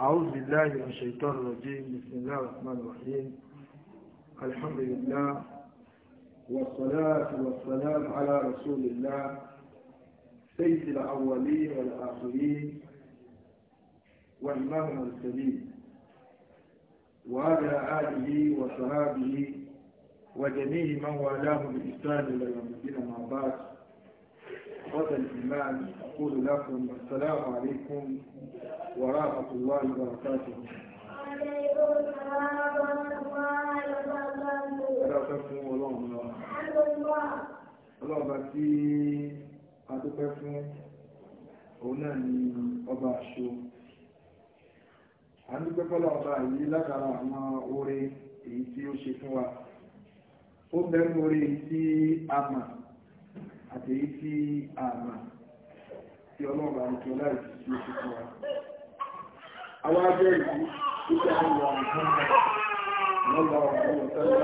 أعوذ بالله من الشيطان الرجيم بسم الله الرحمن الرحيم الحمد لله والصلاة والسلام على رسول الله سيد الأولين والآخرين وإمام المرسلين وعلى آله وصحابه وجميع من والاه بإحسان إلى يوم الدين مع بعض إخوة الإيمان أقول لكم السلام عليكم ورحمة الله وبركاته. وعليكم السلام ورحمة الله وبركاته. ọlọ́ọ̀bá tí a dúpẹ́ fún òun náà ni ọba àṣọ a ń dúpẹ́ fọ́lọ́ ọba yìí látara àwọn oore èyí tí ó ṣe fún wa ó bẹ́ẹ̀ mú oore èyí tí a mọ̀ àti èyí tí àmà tí ọlọ́ọ̀bà nìkan láì sí oṣù fún wa. Àwọn abẹ́ ìlú títí àwọn ọmọ nǹkan lọ́gbà ọ̀rọ̀ tẹ́lá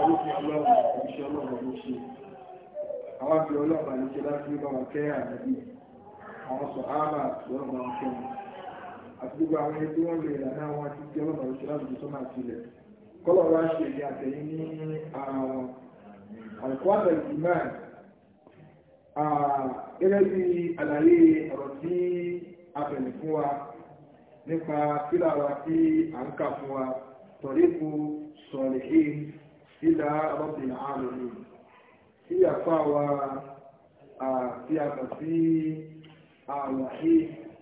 orúkọ ọlọ́ọ̀bà ìṣẹ́ ọlọ́ọ̀bà ló ṣe. Àwọn abẹ́ ọlọ́ọ̀bà nìkan láti bá wa kẹ́ àdàbí àwọn sọ áàbà lọ́gbà ọ̀kẹ́ wọn. Àti gbogbo àwọn ẹni tí wọ́n lè ọlọ́ọ̀bà àlùkòwàtà ìmọ̀ gẹ́gẹ́ bí àlàyé ọ̀rọ̀ tí a bẹ̀rẹ̀ fún wa nípa fílà wa tí à ń kà fún wa tọ̀lẹ́kù sọ̀lẹ́hìn fílà ọ̀bìn àlùmí tí àfa wa tí a kà si àwàhí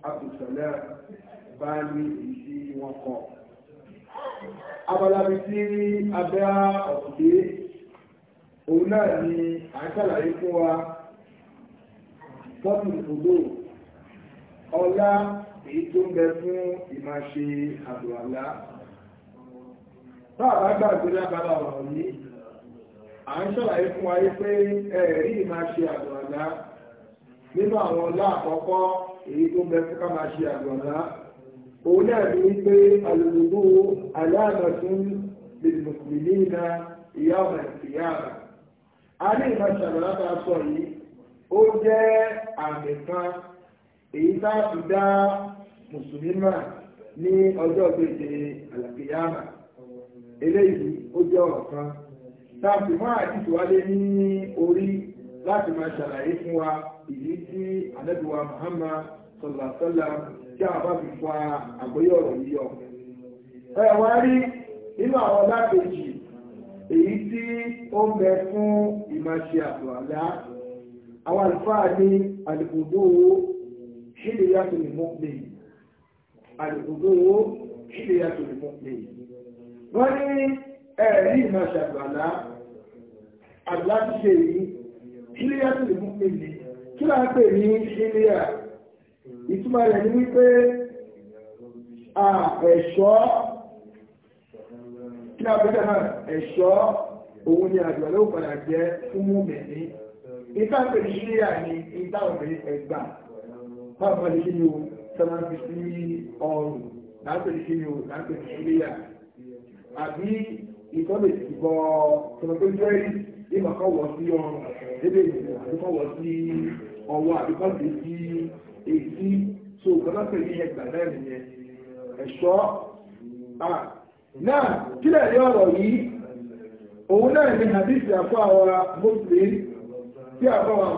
abdulsalam bá ní ìdí wọn kọ. abala mi tí abẹ́ òun náà ni à ń ṣàlàyé fún wa fọ́tù ìfòdó ọlá èyí tó ń bẹ fún ìmáṣe àdùàlá báà bá gbàgbé lábára ọ̀rọ̀ yìí à ń ṣàlàyé fún wa yí pé ẹ̀rí ìmáṣe àdùàlá nínú àwọn ọlá àkọ́kọ́ èyí tó ń bẹ fún ká máa ṣe òun náà ni wípé alùlùgbò aláàmọ̀tún lè mùsùlùmí na ìyá ọ̀nà ìyá àbá àríyìnbá ṣàlọ́lá tá a sọ yìí ó jẹ́ àmì kan èyí tá a fi dá mùsùlùmí mà ní ọjọ́ gbèdé àlàkìyàmà eléyìí ó jẹ́ ọ̀rọ̀ kan a mọ́ wálé ní orí láti máa ṣàlàyé fún wa ìdí tí Muhammad sọ̀làsọ́là tí a bá fi fa àgbóyọ̀ yíyọ. rí èyí tí ó ń bẹ fún ìmáṣe àtọ̀àlá àwọn àlùfáà ní àlùkòdó owó ṣílè yàtọ̀ lè mọ́ pé àlùkòdó owó ṣílè yàtọ̀ lè mọ́ pé wọ́n ní ẹ̀rí ìmáṣe àtọ̀àlá àdúrà ti ṣe èyí ṣílè yàtọ̀ lè ní kí láà pè ní ṣílè yà ìtumọ̀ rẹ̀ ní wípé kí a bẹ́jẹ̀ náà ẹ̀ṣọ́ òun ni àdúrà ló padà jẹ́ fún mú mẹ́ni ìtàǹpé ní ṣíríà ni ìtàǹpé ẹgbà pàápàá lè ṣe ní o sọmọ́fi sí ọrùn láǹpé ní ṣe ní o láǹpé ní ṣíríà àbí ìtọ́lẹ̀ ìbọ̀ sọmọ́pé jẹ́rìí ìmọ̀ kan wọ̀ sí ọrùn débè àbíkọ́ wọ̀ sí ọwọ́ àbíkọ́ sí sí èsì so kọ́lọ́pẹ̀ ní ẹgbà náà nìyẹn ẹ̀ṣọ́ ah, náà kílẹ̀ rí ọ̀rọ̀ yìí òun náà ni hadith àpá àwọn muslim tí àpá àwọn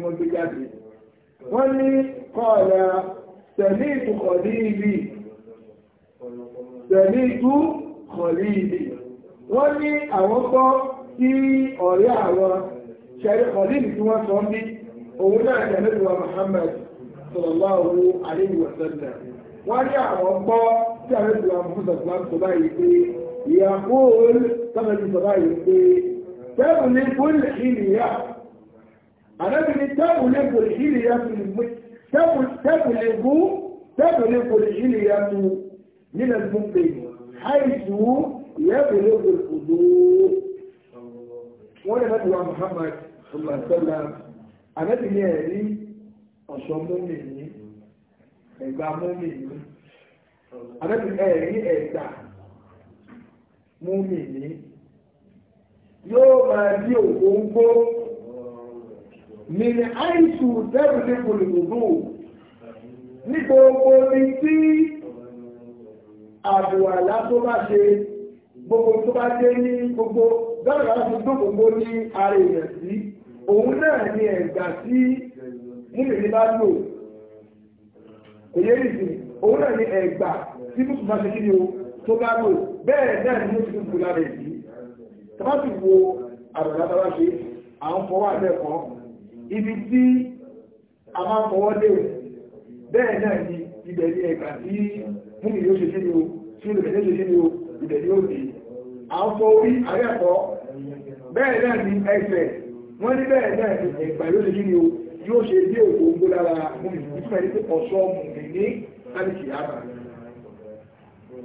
wọ́n gbé jáde wọ́n ní kọ́ọ̀lá tẹ̀lé ìtukọ̀ ní ibi tẹ̀lé ìtú kọ̀lí ibi wọ́n ní àwọn gbọ́ sí ọ̀rẹ́ àwọn kọ̀lí ibi tí wọ́n sọ ń bí òun náà tẹ̀lé ìwà tí a rẹ̀ tó wà fún sọ̀tún láti sọ̀bá yìí pé ìyàkó orí sọ́nà ti sọ̀bá yìí pé tẹ́bù ní kólì ìlìyà àrẹ́bì ní tẹ́bù ní kólì ìlìyà tó ní mú tẹ́bù ní kú tẹ́bù ní kólì ìlìyà tó nílẹ̀ tó pè àìsù ìyẹ́bù ní kólì kòdó wọ́n lè mẹ́tò wa Muhammad sọ̀lá àrẹ́bì ní ẹ̀rí ọ̀ṣọ́ mọ́mì ní ẹ̀gbà mọ́mì ní àbẹ́bí ẹ̀rí ẹ̀dà mú mi ní yóò máa di ògóńgó nínú àìsù dẹ́rù ní polìmùdù ní gbogbo ní tí àbùwàlá tó bá ṣe gbogbo tó bá dé ní gbogbo dáadáa láti gbogbo ní ara èèyàn sí òun náà ni ẹ̀gbà sí múmi ní bá lò kò yé nìsí òun náà ni ẹ̀gbà tí mùsùlùmá ṣe kí ni o tó bá lò bẹ́ẹ̀ náà ni mùsùlùmá kò lára èyí tọ́mátì wo àbàdà tó bá ṣe à ń fọwọ́ àbẹ́ẹ̀kọ́ ibi tí a máa fọwọ́ dé bẹ́ẹ̀ náà ni ibẹ̀ ni ẹ̀gbà tí múmi yóò ṣe kí ni o tí olùkẹ́ ṣe kí ni o ibẹ̀ ni ó dé à ń fọ orí àbẹ́ẹ̀kọ́ bẹ́ẹ̀ náà ni ẹsẹ̀ wọ́n ní bẹ́ẹ̀ náà ni ẹ̀gbà yóò ṣe kí ni o yóò ṣe dé òkú ogbó lára mú ìtumọ̀ ní pé ọ̀ṣọ́ mú mi ní sáàlìkì àbá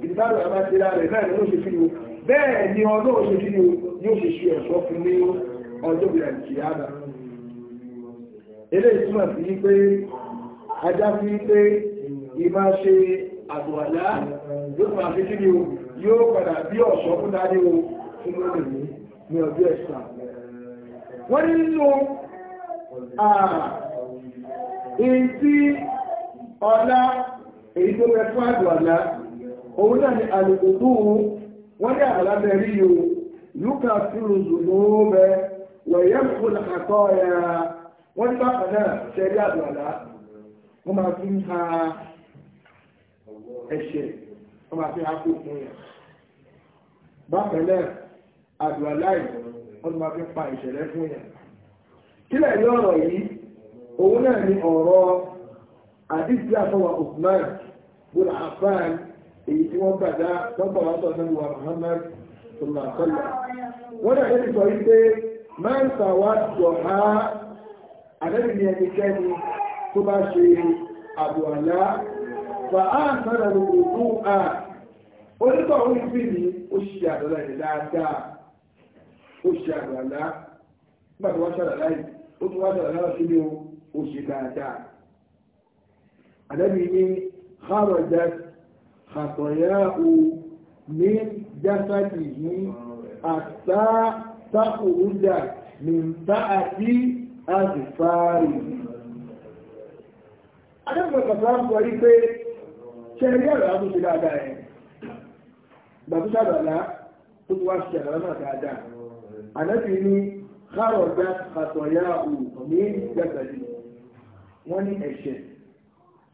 ìbára àbá ti lára náà ló ṣe fíni o bẹ́ẹ̀ ni ọdún òṣè fíni o yóò ṣe ṣe ọ̀ṣọ́ fún ní ọjọ́ ìrìnàjì àbá eléyìí túmọ̀ sí pé ajá fi pé ìmá ṣe àbùhàlá yóò máa fi kí o yóò padà bí ọ̀ṣọ́ fún dáadé o fún lónìí Ìyìn ah, tí ọlá èyí tó rẹ fún àjò àlá, òun náà ni àlùkùtù wọ́n ní àbàlá bẹ̀rí yóò, Lúkà fúrù zùnú bẹ, wẹ̀yẹ́ fún àkọ́ ẹ̀ wọ́n ní bákan náà ṣẹ̀rí àjò àlá, wọ́n máa fi ń ha ẹ̀ṣẹ̀, wọ́n máa fi ń ha kó fún yẹn. Bákan náà, àjò àlá yìí, wọ́n máa fi ń pa ìṣẹ̀lẹ̀ fún yẹn sílẹ̀ ní ọ̀rọ̀ yìí òun náà ni ọ̀rọ̀ àdìsí àfọwà Uthman bin Affan èyí tí wọ́n gbàdá wọ́n gbà wọ́n tọ́jú wa Muhammad sallallahu alaihi wasallam wọ́n dàgbé ti sọ yìí pé máa ń sàwá jọ ha àdẹ́bì ní ẹnikẹ́ni tó bá ṣe àbùwàlá fa á sára lóko fún a onítọ̀ òun fi ní ó ṣe àdọ́lá ìdáadáa ó ṣe àbùwàlá nígbà tó wọ́n ṣàlàyé ó tún wá sọ̀rọ̀ náà sílé o ó ṣe dáadáa àdẹ́bí ní kárọ̀jà kàtọ̀yáhù ní jásádì yìí àtà tákòrújà ní táàtì àzùfáàrì adẹ́bí kàtọ̀ sọ rí pé ṣe rí ọ̀rọ̀ á tún ṣe dáadáa ẹ̀ gbàtúṣàdọ̀lá tó tún wá ṣe àdọ̀lá náà dáadáa àdẹ́bí ní kárọ̀dá àtọ̀yá òmí jàgbàdì wọ́n ní ẹ̀ṣẹ̀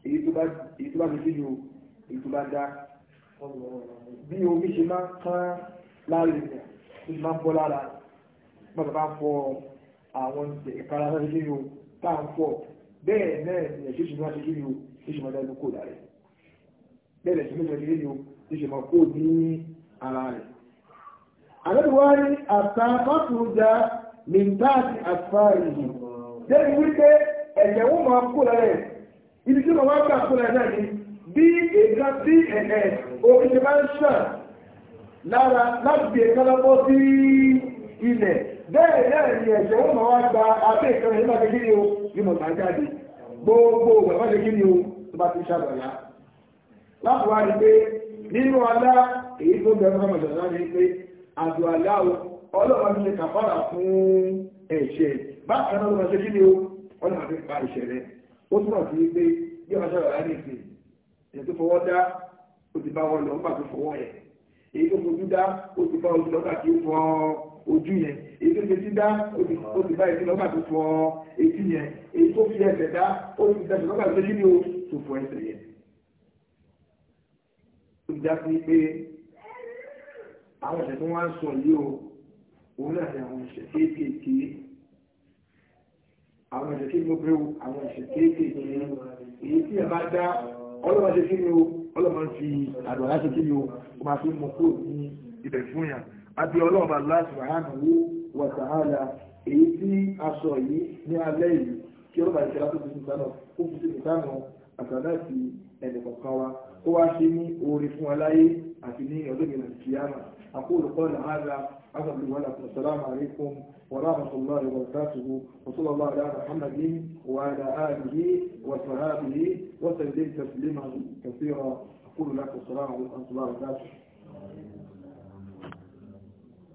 èyí tó bá fi sínú èyí tó bá dá bí omi ṣe máa kán láàrin rẹ̀ tó ṣe máa ń bọ́ lára bàbá bá fọ àwọn ìpara náà ṣe yóò tá à ń fọ bẹ́ẹ̀ náà ni ẹ̀ṣẹ̀ ṣe máa ṣe kí yóò ṣe ṣe máa dánú kó lára bẹ́ẹ̀ lẹ̀ṣẹ̀ méjì ṣe yóò ṣe ṣe máa kó ní ara rẹ̀. àlejò wa ní àtàkọ́tù mìntáàtì àfáàrí yìí débi wípé ẹ̀jẹ̀ wọ́n máa kó lẹ́rẹ̀ ibi tí wọ́n máa kó lẹ́rẹ̀ náà ni bí èdè sí ẹ̀ẹ̀ oríṣi máa ń ṣàn lára láti fi èkán sí ilẹ̀ bẹ́ẹ̀ náà ni ẹ̀jẹ̀ wọ́n máa gba abẹ́ gbogbo o tó bá ti láti wá ní pé nínú alá èyí tó fún ọmọdé ni pé ọlọ́run ní kàfàrà fún ẹ̀ṣẹ̀ bákan náà ló máa ṣe kí ni ó ọlọ́run fi pa ẹ̀ṣẹ̀ rẹ̀ ó túmọ̀ sí pé bí wọ́n ṣàlàyé ní ìsìn èyí tó fọwọ́ dá ó ti bá wọn lọ nígbà tó fọwọ́ yẹn èyí tó fojú dá ó ti bá ojú lọ́gbà tó fọ ojú yẹn èyí tó fetí dá ó ti bá etí lọ́gbà tó fọ etí yẹn èyí tó fi ẹsẹ̀ dá ó ti dá lọ́gbà tó kí ni ó tó fọ ẹsẹ̀ yẹn. ó ti dá sí pé àwọn ẹ̀sẹ̀ tó wá ń sọ yìí o òun náà ni àwọn ìṣẹ̀ kéékèèké àwọn ìṣẹ̀ kéékèèké àwọn ìṣẹ̀ kéékèèké èyí tí ẹ bá dá ọlọ́mọ ṣe kí ni o ọlọ́mọ fi àdùn aláṣẹ kí ni o ó máa fi mọ kúrò ní ibẹ̀ fún yàn àbí ọlọ́mọ aláṣẹ subhanahu wa ta'ala èyí tí a sọ yìí ní alẹ́ yìí kí ọlọ́mọ ìṣẹ̀lá tó fi sí ó fi sí ìtànà àtàlá ti ẹnì kọ̀ọ̀kan wa kó wá ṣe ní oore fún aláyé àti ní ọdún ìlànà kìíyàmà أقول قول هذا عزب الولد والسلام عليكم ورحمة الله وبركاته وصلى الله على محمد وعلى آله وصحابه وسلم تسليما كثيرا أقول لك السلام عليكم ورحمة الله وبركاته